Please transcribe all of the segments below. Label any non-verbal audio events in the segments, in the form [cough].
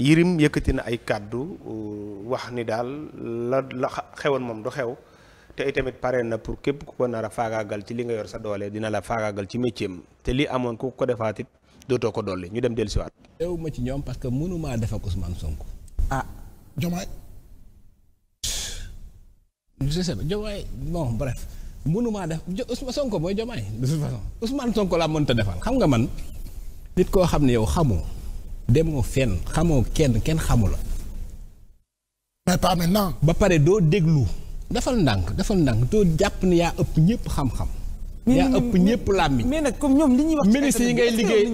Yérim yëkkati na ay kàddu euh, wax ni daal la xewoon moom du xew te itamit pare na pour képp ku ko nara a faagaagal ci li nga yor sa doole dina la faagaagal ci métier te li amoon ku ko defaatit dootoo ko dolli ñu dem dellusiwaat. réew ma ci ñoom parce que mënumaa def ak Ousmane Sonko. ah Diomaye. je sais pas Diomaye bon bref mënumaa def Ousmane Sonko mooy Diomaye de toute façon Ousmane Sonko laa mënta defal xam nga man nit koo xam ne yow xamoo. demoo fenn xamoo kenn kenn xamu la. mais pas maintenant. ba pare doo déglu dafal ndànk dafal ndànk doo jàpp ne yaa ëpp ñëpp xam-xam. yaa ëpp ñëpp làmmiñ. mais nag comme ñoom li ñuy wax. ministre yi ngay liggéey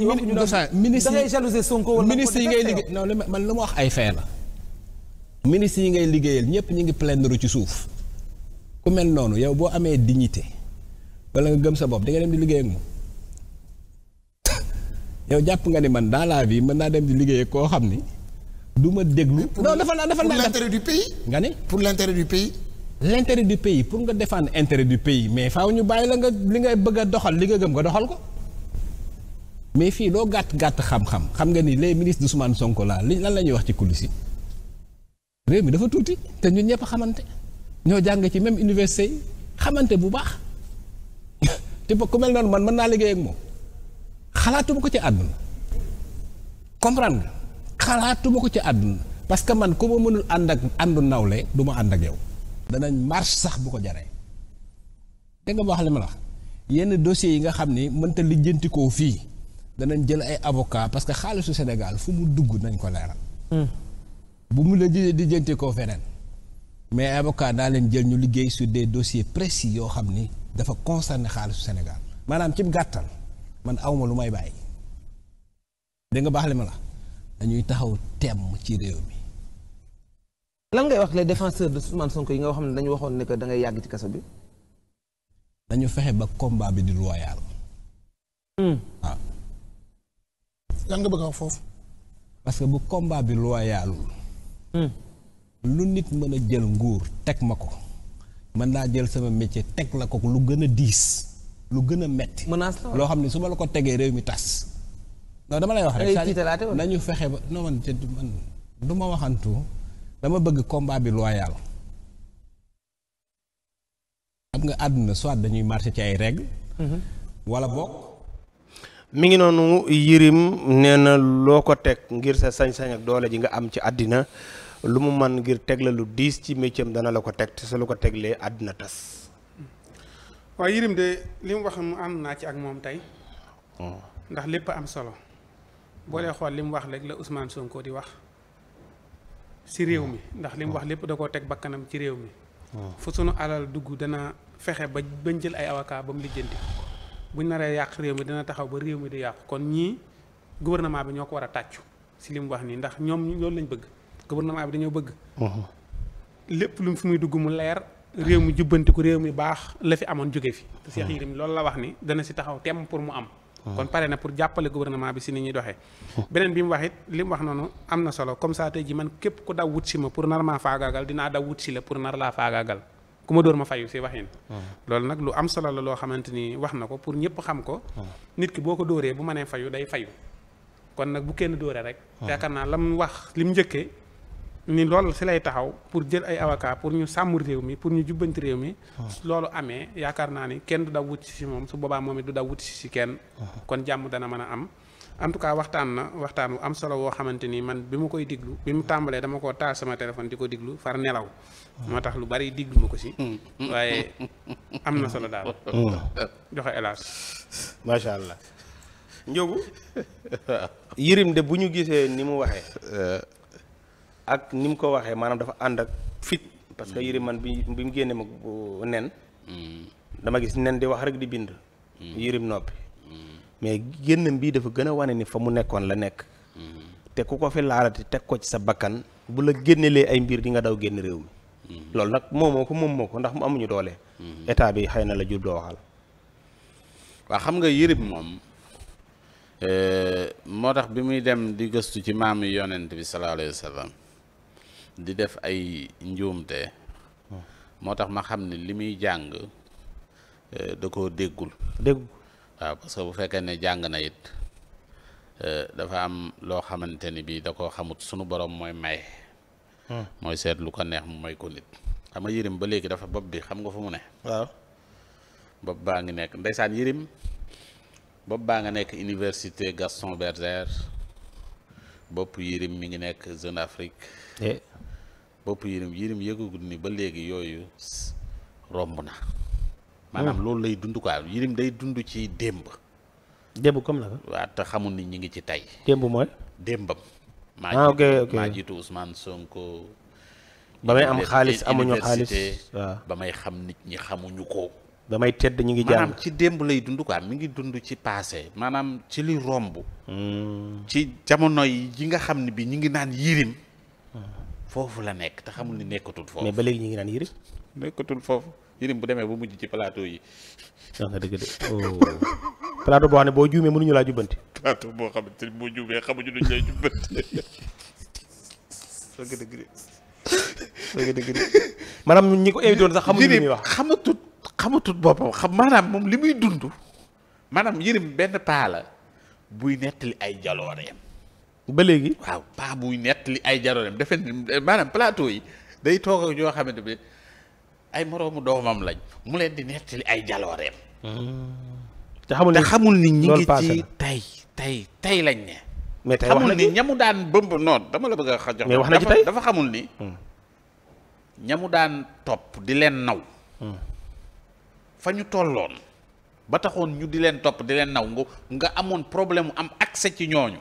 ministre da ngay jalouser Sonko wala ministre yi ngay liggéey non man lu ma wax ay fee la. ministre yi ngay liggéeyal ñëpp ñu ngi plaindre ci suuf ku mel noonu yow boo amee dignité wala nga gëm sa bopp di nga dem di liggéey moom. yow jàpp nga ni man dans la vie mën naa dem di liggéey koo xam ni du ma déglu. non dafa dafa pour l'intérêt du pays. nga ne pour l'intérêt du pays. l'intérêt du pays pour nga défendre intérêt du pays mais faaw ñu bàyyi la nga li ngay bëgg a doxal li nga gëm nga doxal ko. mais fii loo gàtt gàtt xam-xam xam nga ni les ministres d'Ousmane Sonko laa li lan la ñuy wax ci coulisses yi réew mi dafa tuuti te ñun ñëpp xamante ñoo jàng ci même université yi xamante bu baax [laughs] te ku mel noonu man mën naa liggéey ak moom. xalaatuma ko ci àdduna comprendre nga xalaatuma ko ci àdduna parce que man ku ma mënul ànd ak àndu nawle du ma ànd ak yow danañ marche sax bu ko jaree dégg nga wax li ma la yenn dossiers yi nga xam ni mënta lijjanti koo fii danañ jël ay avocat parce que xaalisu Sénégal fu mu dugg nañ ko leeral hmm. bu mu la lijjanti koo feneen mais avocat daa leen jël ñu liggéey sur des dossiers précis yoo xam ni dafa concerné xaalisu Sénégal maanaam ci gàttal man awma lu may bàyyi dégg nga baax li ma la dañuy taxaw temm ci réew mi. lan ngay wax les défenseurs de Ousmane Sonko yi nga waxam ne dañu waxoon ne dangay da ngay yàgg ci kaso bi. dañu fexe ba komba bi di loyal. Hmm. Ah. foofu. parce que bu combat bi loyalul. Hmm. lu nit mën a jël nguur teg ma ko. mën naa jël sama métier teg la ko lu gën a diis. lu gën a metti loo xam ne su ma la ko tegee réew mi tas non dama lay wax rek nañu fexe ba non man du ma waxantu dama bëgg combat bi loyal xam nga àdduna soit dañuy marché ci ay règle mhm. wala bokk mi ngi noonu Yirim neena loo ko teg ngir sa sañ-sañ ak doole ji nga am ci àddina lu mu man ngir teg la lu diis ci métier dana la ko teg te su lu ko teglee àddina tas waaye Yërim de li mu wax mu am naa ci ak moom tey. Oh. ndax lépp am solo. boo dee xool li mu wax rek la Ousmane Sonko di wax si réew mi ndax li mu wax lépp da koo teg bakkanam ci réew mi. Oh. fu sunu alal dugg dana fexe ba bañ jël ay avocat ba mu lijjanti buñ naree yàq réew mi dana taxaw ba réew mi di yàqu kon ñii gouvernement bi ñoo ko war a tàccu si li mu wax nii ndax ñoom loolu lañ bëgg gouvernement bi dañoo bëgg. Oh. lépp lu fi muy dugg mu leer. réew mi jubbantiku réew mi baax la fi amoon jóge fi te mm. Cheikh Yérim loolu la wax ni dana si taxaw tem pour mu am mm. kon pare na pour jàppale gouvernement bi si ni ñuy doxee mm. beneen bi mu wax li mu wax noonu am na solo comme ça tey ji man képp ku daw wut si ma pour nar maa faagaagal dinaa daw wut si la pour nar laa faagaagal ku ma dóor ma fayu si waxin loolu nag lu am solo la loo xamante ni wax na ko pour ñëpp xam ko nit ki boo ko dóoree bu mënee fayu day fayu kon nag bu kenn dóoree rek yaakaar naa lam wax lim njëkkee ni loolu si lay taxaw pour jël ay avocat pour ñu sàmm réew mi pour ñu jubbanti réew mi. Ah. loolu amee yaakaar naa ni kenn du daw wuti si moom su boobaa moom it du daw wuti si kenn. Ah. kon jàmm dana mën a am. en tout cas waxtaan na waxtaan bu am solo woo xamante ni man bi ma koy diglu bi mu tàmbalee dama koo taal sama téléphone di ko diglu far nelaw. Ah. moo tax lu bari diglu ma ko si. Mm. Mm. waaye am na solo daal. [laughs] Mm. joxe hélas. macha allah. Njóogu. [laughs] Yirim de bu ñu gisee ni mu waxee. Euh, ak ni mu ko waxee maanaam dafa ànd ak fit parce que yëriman bi bi mu génne ma nen dama gis nen di wax rek di bind yërim noppi mais génnam bii dafa gën a wane ni fa mu nekkoon la nekk te ku ko fi laalati teg ko ci sa bakkan bu la génnelee ay mbir di nga daw génn réew mi loolu nag moomoo ko moom moo ko ndax mu amuñu doole état bi xëy na la juddoo waxal waa xam nga yërim moom eh, moo tax bi muy dem di gëstu ci maam yi yonent bi sallallahu alayhi wa di def ay njuumte moo tax ma xam ne li muy jàng eh, da ko déggul dégg waaw parce bu fekkee ne jàng na it eh, dafa am loo xamante ni bii da koo xamut sunu borom mooy may hmm. mooy seet lu ko neex mooy may ko nit xam nga yërim ba léegi dafa bopp bi xam nga fu mu ne waaw bopp baa ngi nekk ndeysaan yërim bopp baa nga nekk université Gaston Berger bopp yërim mi ngi nekk Jeune Afrique eh. bopp yërim yërim yëgagul ni ba léegi yooyu romb na maanaam hmm. loolu lay dund quoi yërim day dund ci démb démb comme la waaw te xamul ni ngi ci tey démb mooy démbam maa ah, jiitu maa jiitu ba may am xaalis amuñu xaalis waaw ba may xam nit ñi xamuñu ko ba may tedd ñu ngi jàng maanaam ci démb lay dund quoi mi ngi dund ci paase maanaam ci li romb hmm. ci jamono yi nga xam ne bi ñu ngi naan yirim hmm. foofu la nekk te xamul ni nekkatul foofu. mais ba léegi ñu ngi naan Yérim. nekkatul foofu Yérim bu demee ba mujj ci plateau yi. wax nga dëgg de oh. boo xam ne boo juumee mënuñu laa jubbanti. plateau boo xamante boo juumee xamuñu luñ lay jubbanti. wax nga dëgg de wax nga dëgg de maanaam sax xamuñu li muy wax xamatut xamatut boppam xam maanaam moom li muy dund maanaam Yérim benn paa buy nettali ay jalooreem. ba léegi. waaw paa buy nett li ay jaroolem defe maanaam plateau yi day toog ak ñoo xamante ay moroomu doomam lañ mu leen di nettali ay jalooreem. te xamul ni ñi ngi ci tey tey tey lañ ne. mais na xamul ni ñamu daan bëmb noon dama la bëgg a jox. mais wax na ci tey dafa xamul ni. Hmm. ñamu daan topp di leen naw. Hmm. fa ñu tolloon. ba taxoon ñu di leen topp di leen naw nga nga amoon problème mu am accès ci ñooñu.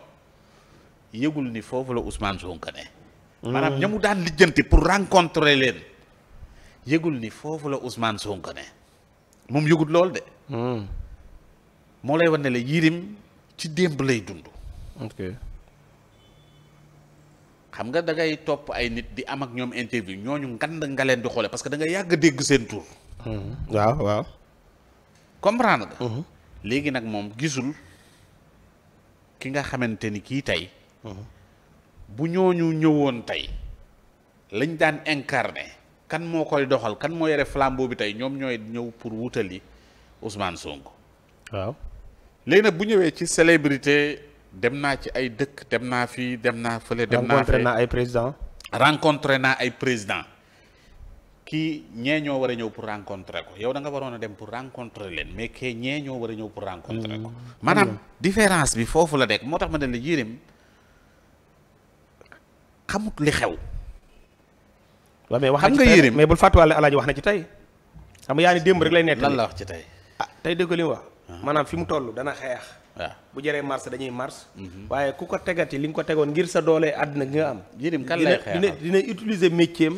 yëgul ni foofu la Ousmane Sonko hmm. maanaam ña mu daan lijjanti pour rencontrer leen yëgul ni foofu la Ousmane Sonko moom yëgul lool de hmm. moo lay wan ne la yirim ci démb lay dund ok xam nga da ngay topp ay nit di am ak ñoom interview ñooñu ngand nga leen di xoole parce que da yàgg dégg seen tur hmm. waaw waaw comprendre nga léegi nag moom gisul ki nga xamante ni kii tey bu ñooñu ñëwoon tey lañ daan incarné kan moo koy doxal kan moo yore flambeau bi tey ñoom ñooy ñëw pour wutali Ousmane Sonko. waaw léegi nag bu ñëwee ci célébrité dem naa ci ay dëkk dem naa fii dem naa fële. dem naa rencontré ay président. rencontre naa ay président kii ñee ñoo war a ñëw pour rencontre ko yow da nga waroon a dem pour rencontrer leen mais que ñee ñoo war a ñëw pour rencontrer ko. Mm. maanaam mm. différence bi foofu la dekk moo tax ma ne la yérim xamut li xew. waaw mais wax xam nga yérim mais bul fàttuwaale alaaji wax na ci tey xam nga yaa ni démb rek lay nekk. lan la wax ci tey. ah tey dëgg li mu wax. Ah. maanaam fi mu toll dana xeex. waaw bu jëree mars dañuy mars. Mhm. waaye ku ko tegati li nga ko tegoon ngir sa doolee àddina gi nga am. yérim kan lay xeex dina dina utiliser métier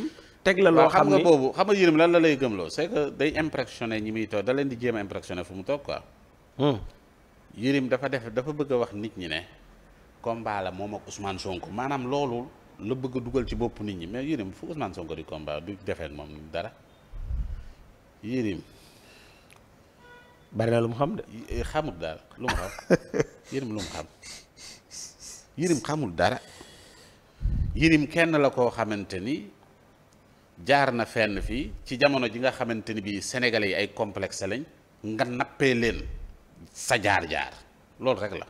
la loo xam ne boobu xam lan la lay gëmloo c'est que day impressionné ñi muy toog da leen di jéem a impressionné fu mu toog quoi. Hmm. yérim dafa def dafa bëgg a wax nit ñi ne combat la moom ak Ousmane Sonko maanaam loolu lu bëgg dugal ci bopp nit ñi mais Yérim fu Ousmane ko di combat du defee moom dara Yérim bari na lu mu xam de. xamul dara lu mu xam [laughs] Yérim lu mu xam Yérim xamul dara Yérim kenn la koo xamante ni jaar na fenn fii ci jamono ji nga xamante ni bii sénégalais yi ay complexe lañ nga nappee leen sa jaar-jaar loolu rek la.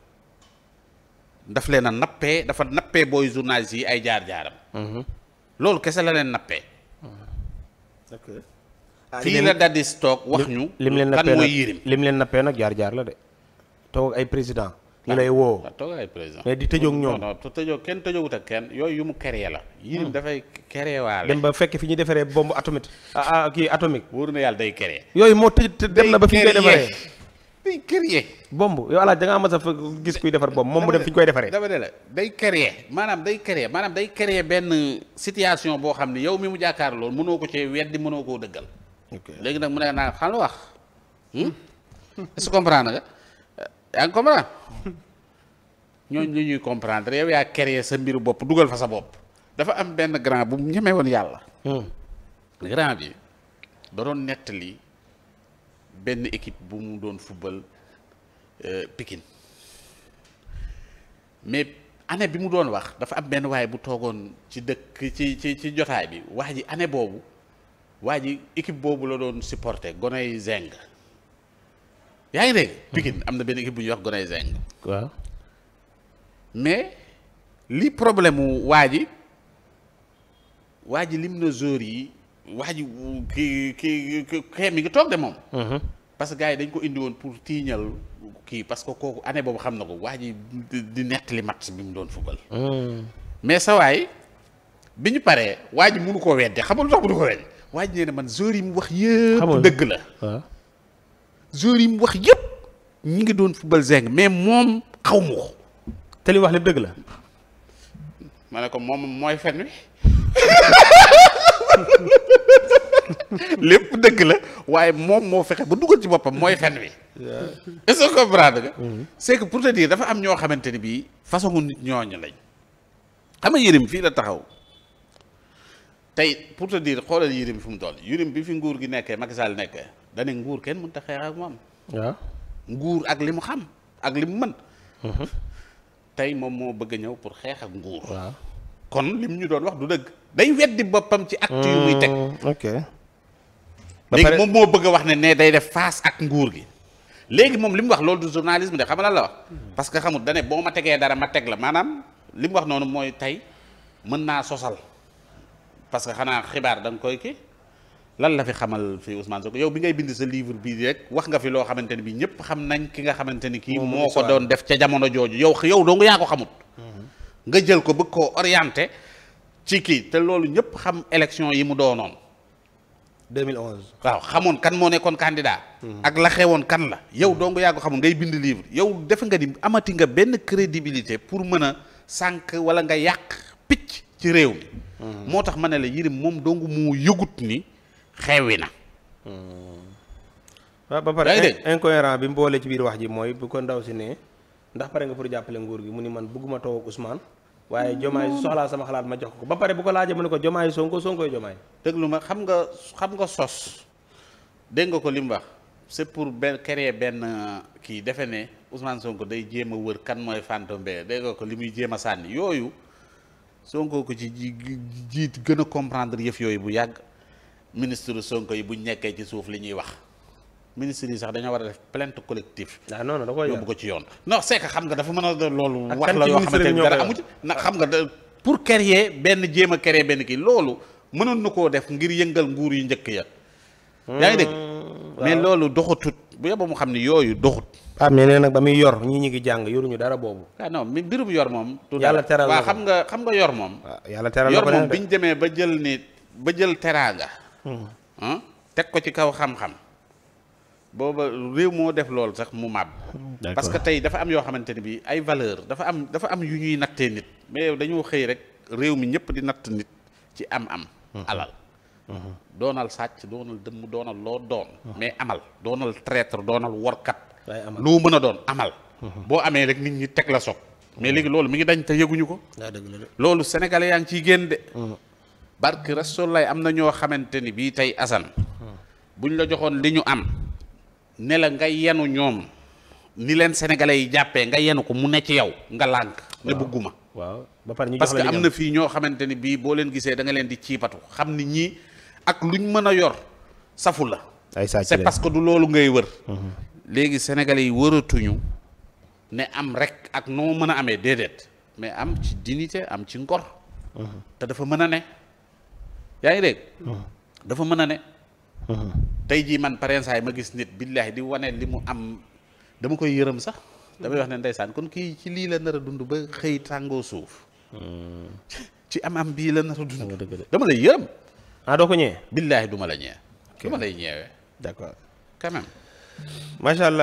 daf leen a nappee dafa nappee booy journaliste yi ay jaar-jaaram. Mhm. loolu kese la leen nappee. d'accord fii la daal di wax ñu. lim leen nappee kan mooy Yérim leen nappee nag jaar-jaar la de toog ay président ñu lay woo ah, toog ay président mais di tëjoog ñoom non tëjoog kenn tëjoogut ak kenn yooyu yu mu créé la Yérim hmm. dafay créé waale dem ba fekk fi ñu defaree bombe atomique ah, ah kii atomique wóor na yàlla day créé yooyu moo tëj dem na ba fi ñu defaree day créer. bomb yow alaaj da ngaa mas a fa gis kuy defar bomb moom mu dem fi ñu koy defaree. dama ne la day créer maanaam day créer maanaam day créer benn situation boo xam ne yow mi mu jàkkaar loolu mënoo ko cee weddi mënoo koo dëggal. léegi nag mu ne naa xam lu wax. Hmm? su ce que comprendre nga yaa ngi comprendre ñooñu li ñuy comprendre yow yaa créer sa mbiru bopp dugal fa sa bopp. dafa am benn grand bu ñemee yàlla. Hmm. grand bi da doon nettali. benn équipe bu mu doon football euh, Pikine mais année bi mu doon wax dafa am benn waay bu toogoon ci dëkk ci ci ci jotaay bi waa ji année boobu waa ji équipe boobu la doon supporter Gonay Zeng yaa ngi dégg. Hmm. Pikine am na benn équipe bu ñuy wax Gonay Zeng. waaw mais li problème mu waa ji waa ji lim na yi wax ji kii kii xeet mi ngi toog de moom. Mhm. parce que gars yi dañ ko indi woon pour tiiñal kii parce que kooku année boobu xam na ko wax ji di nettali match bi mu doon football. Mhm. mais sawaay bi ñu paree waa ji mënu koo wedde xam nga lu tax ko wedde waa ji nee na man joueurs yi mu wax yëpp. dëgg la waaw. yi mu wax yëpp ñi ngi doon football zeng mais moom xaw ma ko. te li wax lépp dëgg la. ma ne ko moom mooy fen wi. [laughs] lépp dëgg la waaye moom moo fexe ba dugal ci boppam mooy xen wi est-ce que comprendre nga mm-hmm. c'est que pour te dafa am ñoo xamante ni bii façon nit ñooñu lañ xam nga fii la taxaw tey pour te dire xoolal yërim fi mu toll yërim bi fi nguur gi nekkee Macky nekkee dane nguur kenn mënut a xeex ak moom nguur ak li mu xam ak li mu mën mm-hmm. tey moom moo bëgg a ñëw pour xeex ak nguur kon lim ñu doon wax du dëgg day weddi boppam ci acte yu muy teg. Hmm, ok. léegi moom moo bëgg a wax ne ne day def face ak nguur gi. léegi moom li mu wax loolu du journalisme de xam la la wax. parce que xamut dane boo ma tegee dara ma teg la maanaam li mu wax noonu mooy tey mën naa sosal parce que xanaa xibaar danga koy kii lan la fi xamal fi Ousmane Sonko yow bi ngay bind sa livre bii rek wax nga fi loo xamante ni bii ñëpp xam nañ ki nga xamante ni kii moo ko doon def ca jamono jooju yow yow doo nga yaa ko xamut. Hmm. nga jël ko bëgg koo orienté. ci kii te loolu ñëpp xam élection yi mu doonoon. 2011. waaw xamoon kan moo nekkoon candidat. Hmm. ak la xewoon kan la. yow hmm. dong yaa ko xamul ngay bind livre yow defe nga ni amati nga benn crédibilité pour mën a sànq wala nga yàq picc ci réew mi. Hmm. moo tax ma ne la Yérim moom dong mu yëgut ni xewi na. ba pare incohérent bi mu ci biir wax ji mooy bu ko ndaw si ne ndax pare nga pour jàppale nguur gi mu ni man bëgguma toog ak Ousmane. waaye jomaay mm, su soxlaa sama xalaat ma jox ko ba pare bu ko laajee mu ne ko jomaay sonko sonkoy jomaay déglu ma xam nga xam nga sos dégg nga ko li mu wax c'est pour benn créer benn euh, kii defe ne Ousmane day jéem a wër kan mooy fantôme bee dégg nga ko li muy jéem a sànni yooyu Sonko ko ci jiit gën a comprendre yëf yooyu bu yàgg ministre sonk yi buñ nekkee ci suuf li ñuy wax ministre yi sax dañoo war a def plainte collective. ah non non yóbbu ko ci yoon. non c'est que xam nga dafa mën a loolu. wax la yoo xamante ne dara amu ci na xam nga pour créer benn jéem a créer benn loolu mënoon na koo def ngir yëngal nguur yu njëkk ya. yaa ngi dégg hmm, mais loolu doxatut bu yóbbu mu xam ne yooyu doxut. ah mais nee nag ba muy yor ñii ñu ngi jàng yoruñu dara boobu. ah non yor moom. yàlla teral waaw xam nga xam nga yor moom. Ah, yàlla teral yor moom bi ñu demee ba jël ni ba jël teraanga. Hmm. Ah, teg ko ci kaw xam-xam booba réew moo def loolu sax mu màbb parce que tey dafa am yoo xamante ne bi ay valeur dafa am dafa am yu ñuy nattee nit mais dañoo xëy rek réew mi ñëpp di natt nit ci am-am mhm. alal mhm. doonal sàcc doonal dëmm doonal loo doon mhm. mais amal doonal traître doonal workat lu mën a doon amal boo amee rek nit ñi teg la soog mais léegi loolu mi ngi dañ te yëguñu ko loolu sénégalais yaa ngi ciy génn de barke rasul lay am na ñoo xamante ni bii tey asan buñ la joxoon li ñu am ne la nga yenu ñoom ni leen sénégalais yi jàppee nga yenu ko mu ne ci yow nga lànk ne bëgguma waaw ba parce que am na fii ñoo xamante ni bii boo leen gisee danga leen di ciipatu xam ni ñii ak luñ mën a yor safu la c'est parce que du loolu ngay wër mhm. léegi sénégalais yi wëratuñu ne am rek ak noo mën a amee déedéet mais am ci dignité am ci ngor mhm. te dafa mën a ne yaa ngi dégg mhm. dafa mën a ne tey jii man parensaay ma gis nit billaahi di wane li mu am dama koy yërëm sax damay wax ne ndeysaan kon kii ci lii la nar a dund ba xëy tàngoo suuf hmm. ci am am bii la nar a dund dama lay yërëm ah doo ko ñëwee billaahi duma la ñëwee du ma lay ñeewee d'accord quand même allah